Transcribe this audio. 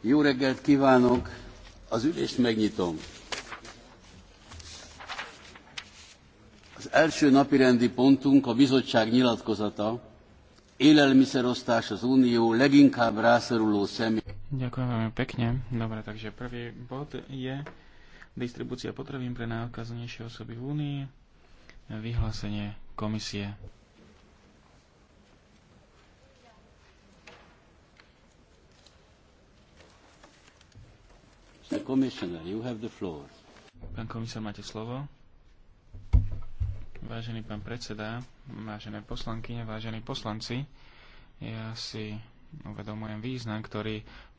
Jó reggelt kívánok! Az ülést megnyitom. Az első napirendi pontunk a bizottság nyilatkozata. Élelmiszerosztás az Unió leginkább rászoruló személy. Ďakujem veľmi pekne. Dobre, takže prvý bod je distribúcia potravín pre osoby v Únii, vyhlásenie komisie. Pán komisár, máte slovo. Vážený pán predseda, vážené poslankyne, vážení poslanci, ja si uvedomujem význam, ktorý